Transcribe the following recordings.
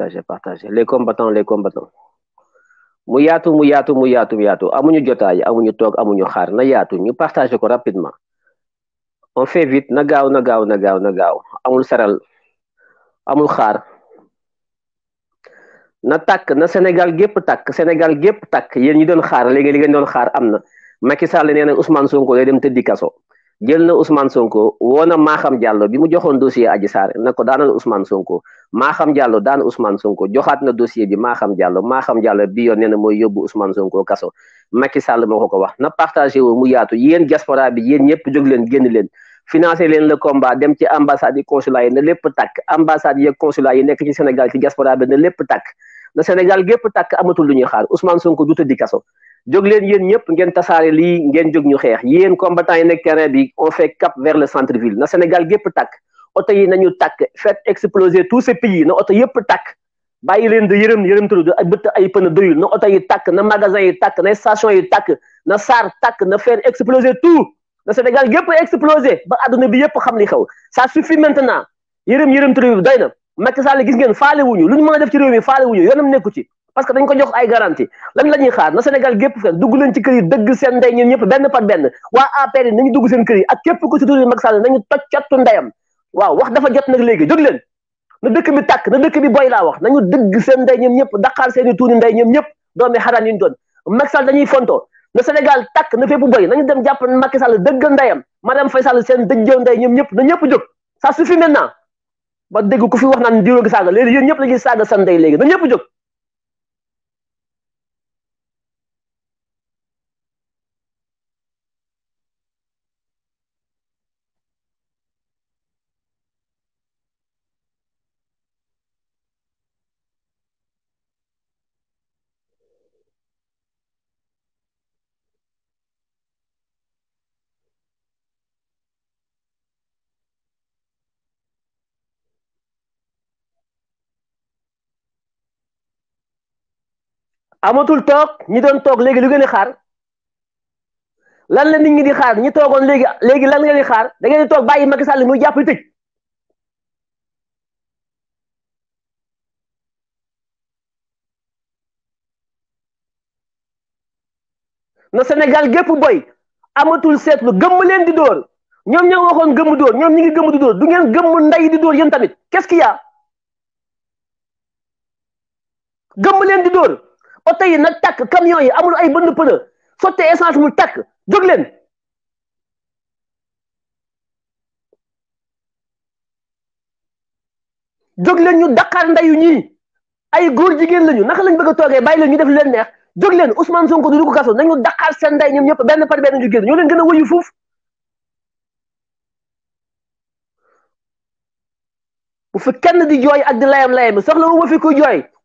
partagé partagé les combattants les combattants mu yaatu mu yaatu mu yaatu mu yaatu amuñu jotaay amuñu toog amuñu xaar na yaatu ñu partagé ko rapidement on fait vite na gaaw na gaaw na gaaw na gaaw amul saral amul xaar na tàkk na Sénégal gépp tàkk Sénégal gépp tàkk yéen ñi doon xaar léegi li ngeen doon xaar am na Macky Sall nee na Ousmane Sonko lay dem tëddi kaso jël na Ousmane Sonko woo na Maham Diallo bi mu joxoon dossier Adji Sarr na ko daanal usman Sonko Maham Diallo daan Ousmane Sonko joxaat na dossier bi Maham Diallo Maham Diallo bi yoon nee na mooy yóbbu usman Sonko kaso Macky Sall moo ko ko wax na partagé woo mu yaatu yéen diaspora bi yéen ñëpp jóg leen génn leen financé leen le combat dem ci ambassade yi consulat yi na lépp tàkk ambassade yi consulat yi nekk ci Sénégal ci diaspora bi na lépp tàkk na Sénégal gépp tàkk amatul lu ñuy xaar Ousmane Sonko du tëddi kaso jog leen yéen ñëpp ngeen tasaare lii ngeen jog ñu xeex yéen combattant yi nekk terrain bi on fait cap vers le centre ville na Sénégal gépp tàkk oto yi nañu tàkk fait exploser tous ces pays na oto yëpp tàkk bàyyi leen de yërëm yërëmtalu de bëtt ay pëna doyul na oto yi tàkk na magasin yi tàkk na station yi tàkk na sar tàkk na faire exploser tout na Sénégal gépp exploser ba àdduna bi yëpp xam li xew ça suffit maintenant yërëm yërëmtalu doy na Macky Sall gis ngeen faale wuñu lu ñu mën a def ci réew mi faale wuñu yoonam nekku ci parce que dañ ko jox ay garantie lan la ñuy xaar na Sénégal gépp fen dugg leen ci kër yi dëgg seen ndey ñun ñëpp benn par seen kër yi ak képp ku si tudd Macky Sall nañu wax dafa jot nag léegi jóg na dëkk bi tàkk na dëkk bi boy laa wax nañu dëgg seen ndey ñëpp daqaar seen i tuuni ñëpp doomi xaraan yi ñu doon Macky Sall dañuy fontoo na Sénégal tàkk na nañu dem jàpp Macky Sall dëggal ndeyam Marième Faye Sall seen dëjjëw ndey ñoom ñëpp na ñëpp jóg ça suffit maintenant ba dégg ku fi wax naan diwóogi saaga léegi yéen ñëpp la ñuy saaga seen ndey léegi na ñëpp jóg amatul toog ñi doon toog léegi lu ngeen di xaar lan la nit ñi di xaar ñi toogoon léegi léegi lan ngeen di xaar da di toog bàyyi Macky Sall muy jàpp tëj na Sénégal gépp boy amatul seetlu gëmm leen di dóor ñoom ñoo waxoon gëmm dóor ñoom ñi ngi gëmm di dóor du ngeen gëmm nday di dóor yéen tamit keskiya ce gëmm leen di dóor oto yi nag takk camion yi amul ay bënd pënë sotte essence mu takk jóg leen jóg leen ñu Dakar ndeyu ñii ay góor jigéen lañu naka lañ bëgg a toogee bàyyi leen ñu def lu leen neex jóg leen Ousmane Sonko du dugg kaso nañu Dakar seen ndey ñoom ñëpp benn par benn ñu génn ñoo leen gën a wëyu fuuf bu fi kenn di jooy ak di layam layam soxla wu ma fi ku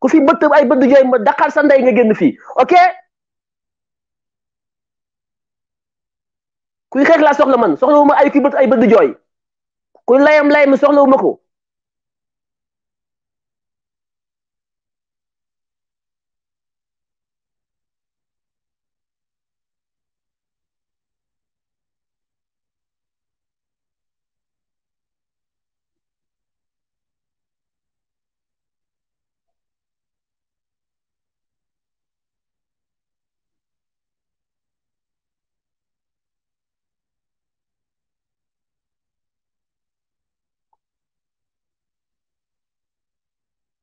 ku fi bëtt ay bëdd jooy ma daqaar sa ndey nga génn fii ok kuy xeex laa soxla man soxla wuma ay kuy bëtt ay bëdd jooy kuy layam layam soxla wu ma ko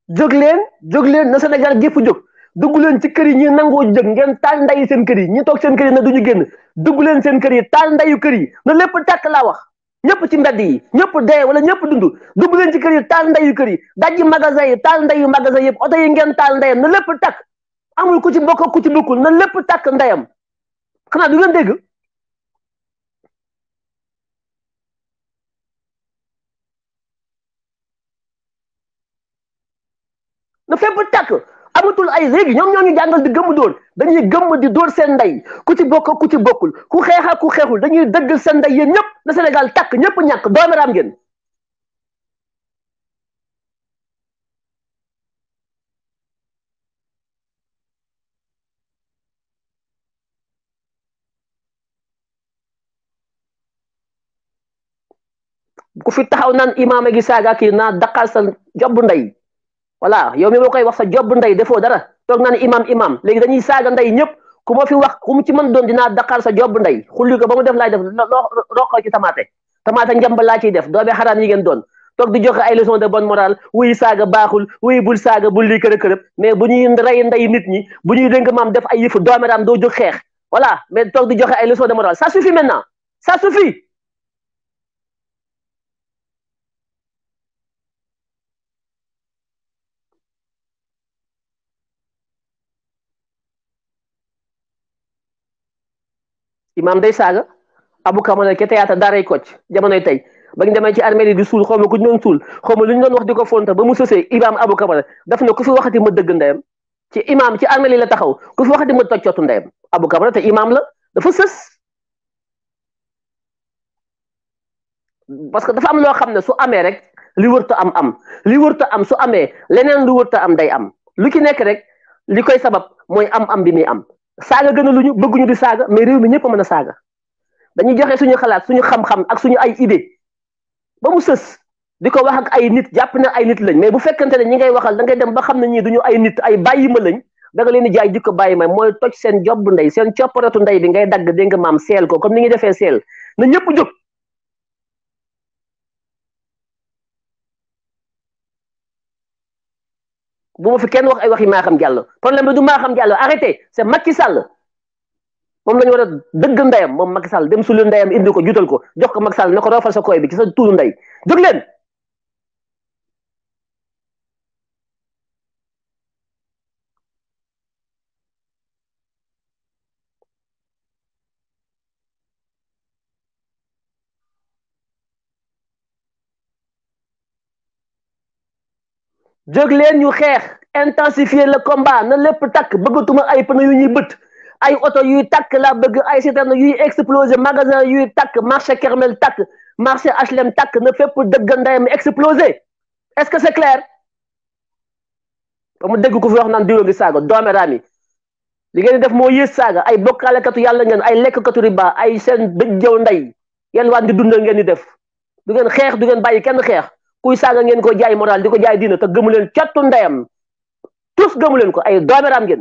jóg leen jóg leen na Sénégal gépp jóg dugg leen ci kër yi ñu nangoo jóg ngeen taal ndayu seen kër yi ñu toog seen kër yi du ñu génn dugg leen seen kër taal ndayu kër yi na lépp tàkk laa wax ñëpp ci mbedd yi ñëpp dee wala ñëpp dund dugg leen ci kër yi taal ndayu kër yi dajji magasin yi taal ndayu magasin yëpp oto yi ngeen taal ndayam na lépp tàkk amul ku ci bokk ku ci bokkul na lépp tàkk ndayam xanaa du ngeen dégg na fépp tàkk amatul ay léegi ñoom ñoo ñu jàngal di gëmm dóor dañuy gëmm di door seen ndey ku ci bokk ku ci bokkul ku xeexa ku xeexul dañuy dëggal seen ndey yéen ñëpp na senegal tàkk ñëpp ñàkk doomeraam ngeen ku fi taxaw naan imaam a gi saaga kii naa daqal sa job ndey voilà yow mi ma koy wax sa job ndey defoo dara toog naa ne imam imam léegi dañuy saaga ndey ñëpp ku ma fi wax ku mu ci mën doon dinaa daqaar sa job ndey xulli ko ba mu def laay def roqoo ci tamaate tamaate njamba laa ciy def doobee xaraam yi ngeen doon toog di joxe ay leçon de bonne morale wuy saaga baaxul wuy bul saaga bul lii kërëb kërëb mais bu ñuy rey ndey nit ñi bu ñuy dénk maam def ay yëfu doomeraam doo jóg xeex voilà mais toog di joxe ay leçon de morale ça suffit maintenant imaam day saaga abu kamane ke teyaata daaray kocc jamonoy tey ba ñu demee ci armée yi di suul xaw ma ku ñu doon suul xaw ma lu ñu doon wax di ko fonta ba mu sësee imaam abu kamane daf ne ku fi waxati ma dëgg ndeyam ci imaam ci armée la taxaw ku fi waxati ma toccootu ndeyam abu kamane te imaam la dafa sës parce que dafa am loo xam ne su amee rek li wërta am am li wërta am su amee leneen lu wërta am day am lu ci nekk rek li koy sabab mooy am am bi muy am saaga gën lu ñu bëgguñu di saaga mais réew mi ñëpp mën a saaga dañuy joxe suñu xalaat suñu xam-xam ak suñu ay idée ba mu sës di ko wax ak ay nit jàpp na ay nit lañ mais bu fekkante ne ñi ngay waxal da ngay dem ba xam ne ñii duñu ay nit ay bàyyi ma lañ da nga leen di jaay jikko bàyyi ma mooy toj seen job ndey seen copparatu ndey bi ngay dagg dégg nga maam seel ko comme ni ñuy defee seel na ñëpp jóg bu ma fi kenn wax ay waxi Maham Diallo problème bi du Maham Diallo arrêté c'est Macky Sall mom la wara deug ndayam mom Macky Sall dem sulu ndayam indi ko jutal ko jox ko Macky Sall nako ko sa koy bi ci sa tuuru nday jóg len jóg leen ñu xeex intensifier le combat na lépp takk bëggatuma ay pneu yu ñuy bëtt ay oto yuy takk la bëgg ay citerne yuy exploser magasin yuy takk marché Kermel takk marché HLM takk na fépp dëgg ndeyam exploser est-ce que c'est clair mu dégg ko fi wax naan diwloo ngi saaga doomeraam yi li ngeen di def moo yées saaga ay bokkaalekatu yàlla ngeen ay lekk lekkatu riba ay seen bëj jëw ndey yéen waan di dundal ngeen di def du ngeen xeex du ngeen bàyyi kenn xeex kuy saaga ngeen ko jaay moral di ko jaay diina te gëmu leen cattu ndeyam tous gëmu leen ko ay doomeraam ngeen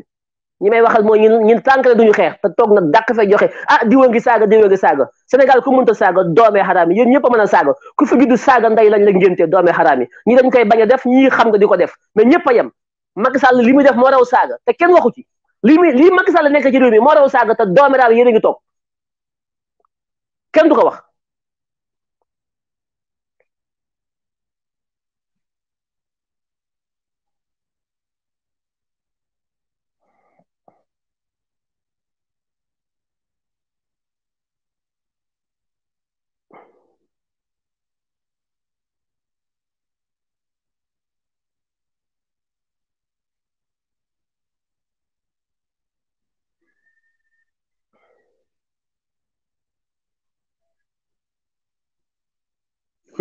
ñi may waxal mooy ñun ñun du ñu xeex te toog nag dàq fee joxe ah diwa ngi saaga diwa ngi saaga Sénégal ku mënta saaga doomee xaraam yi yéen ñëpp a mën a saaga ku fi juddu saaga ndey lañ la ngénte doomee xaraam yi ñi dañ koy bañ a def ñii xam nga di ko def mais ñëpp a yem Macky Sall li muy def moo raw saaga te kenn waxu ci li muy lii Macky Sall nekk ci réew mi moo raw saaga te doomeraam yéen a ngi du ko wax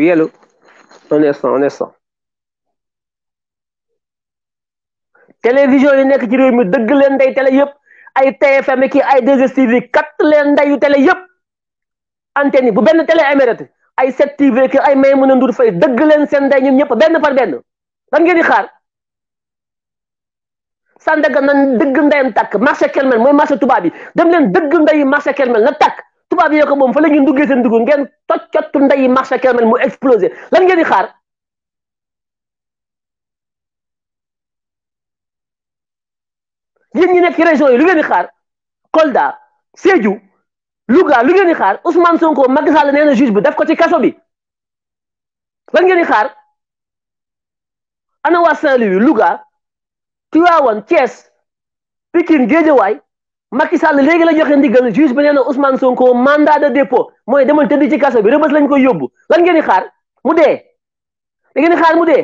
Oui, allô un instant un instant télévision yi nekk ci réew mi dëgg leen ndey télé yëpp ay TFM kii ay 2STV kat leen ndeyu télé yëpp antenne bu benn télé amérati ay 7TV kii ay may mën a ndur fay dëgg leen seen ndey ñun ñëpp benn par benn lan ngeen di xaar Sandaga nan dëgg ndeyam tàkk marché Kelmel mooy marché tubaab bi dëgg ndeyu marché Kelmel na tàkk tubaab yi ko moom fa la ngeen duggee seen dugg ngeen toj cottu ndeyi marché Kermel mu explosé lan ngeen di xaar yéen ñi nekk ci région yi lu ngeen di xaar Kolda Sédhiou Louga lu ngeen di xaar Ousmane Sonko Macky Sall nee bi def ko ci kaso bi lan ngeen di xaar ana waa Saint-Louis Louga Tivaouane Thiès Pikine Guédiawaye makki Sall léegi la joxe ndigal juge bi nee na Ousmane Sonko mandat de dépôt mooy demal tëdd ci kaso bi rëbës lañ koy yóbbu lan ngeen di xaar mu dee da ngeen mu dee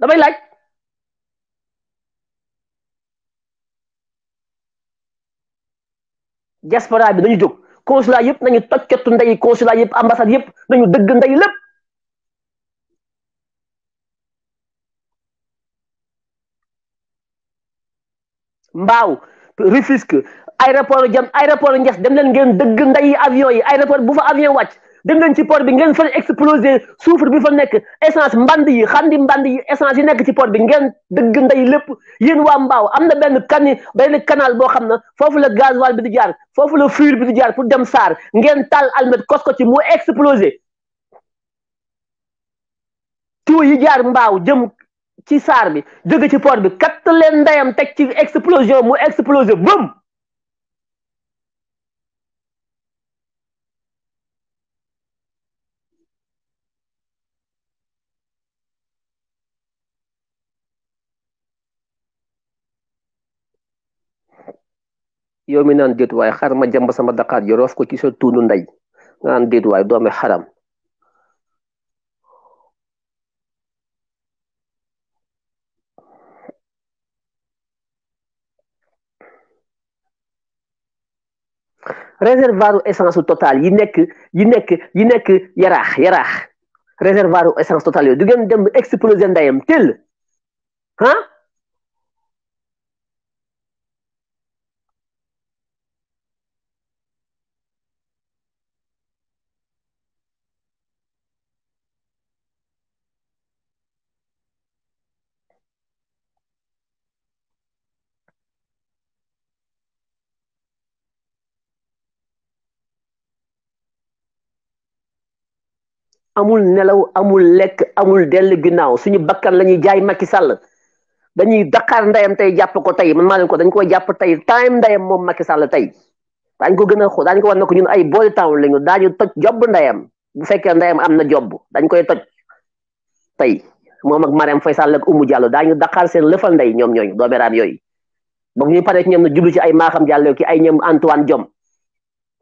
damay laaj. diaspora bi dañu jóg consulat yëpp nañu toccatu ndey consulat yëpp ambassade yëpp nañu dëgg ndey lépp mbaaw Rufisque aéroport jam aéroport Ndiass dem leen ngeen dëgg nday avion yi aéroport bu fa avion wàcc dem leen ci port bi ngeen fa exploser soufre bi fa nekk essence mband yi xandi mband yi essence yi nekk ci port bi ngeen dëgg nday lépp yéen waa mbaaw am na benn kani benn canal boo xam na foofu la gasoil bi di jaar foofu la fuir bi di jaar pour dem saar ngeen taal almet kos ko ci mu exploser tout yi jaar mbaaw jëm ci saar bi jóge ci port bi katt leen ndeyam teg ci explosion mu explosé bëm yow mi naan déet waay xar ma jàmb sama daqaar ji ko ci sa tuunu ndey nga naan déet waay doomi xaram réservoir essence total yi nekk yi nekk yi nekk yaraax yaraax réservoir essence total yooyu du ngeen dem exploser ndeyam teel ah amul nelaw amul lekk amul dell ginnaaw suñu bakkan la ñuy jaay Macky Sall dañuy dakaar ndeyam tey jàpp ko tey man maa leen ko dañ ko jàpp tey time ndeyam moom Macky Sall tey daañu ko gën a xoo ko war ay boori temps lañu daañu toj job ndeyam bu fekkee ndeyam am na job dañ koy toj tey moom ak Marème Faye Sall ak Oumou Diallo daañu daqaar seen lëfal ndey ñoom ñooñ doomeraam yooyu boog ñu paree ci ñoom na jublu ci ay maaxam Diallo ki ay ñoom Antoine Diome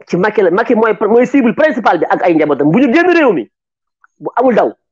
ci Macky la Macky mooy mooy cible principal bi ak ay njabootam bu ñu génn réew mi bu amul daw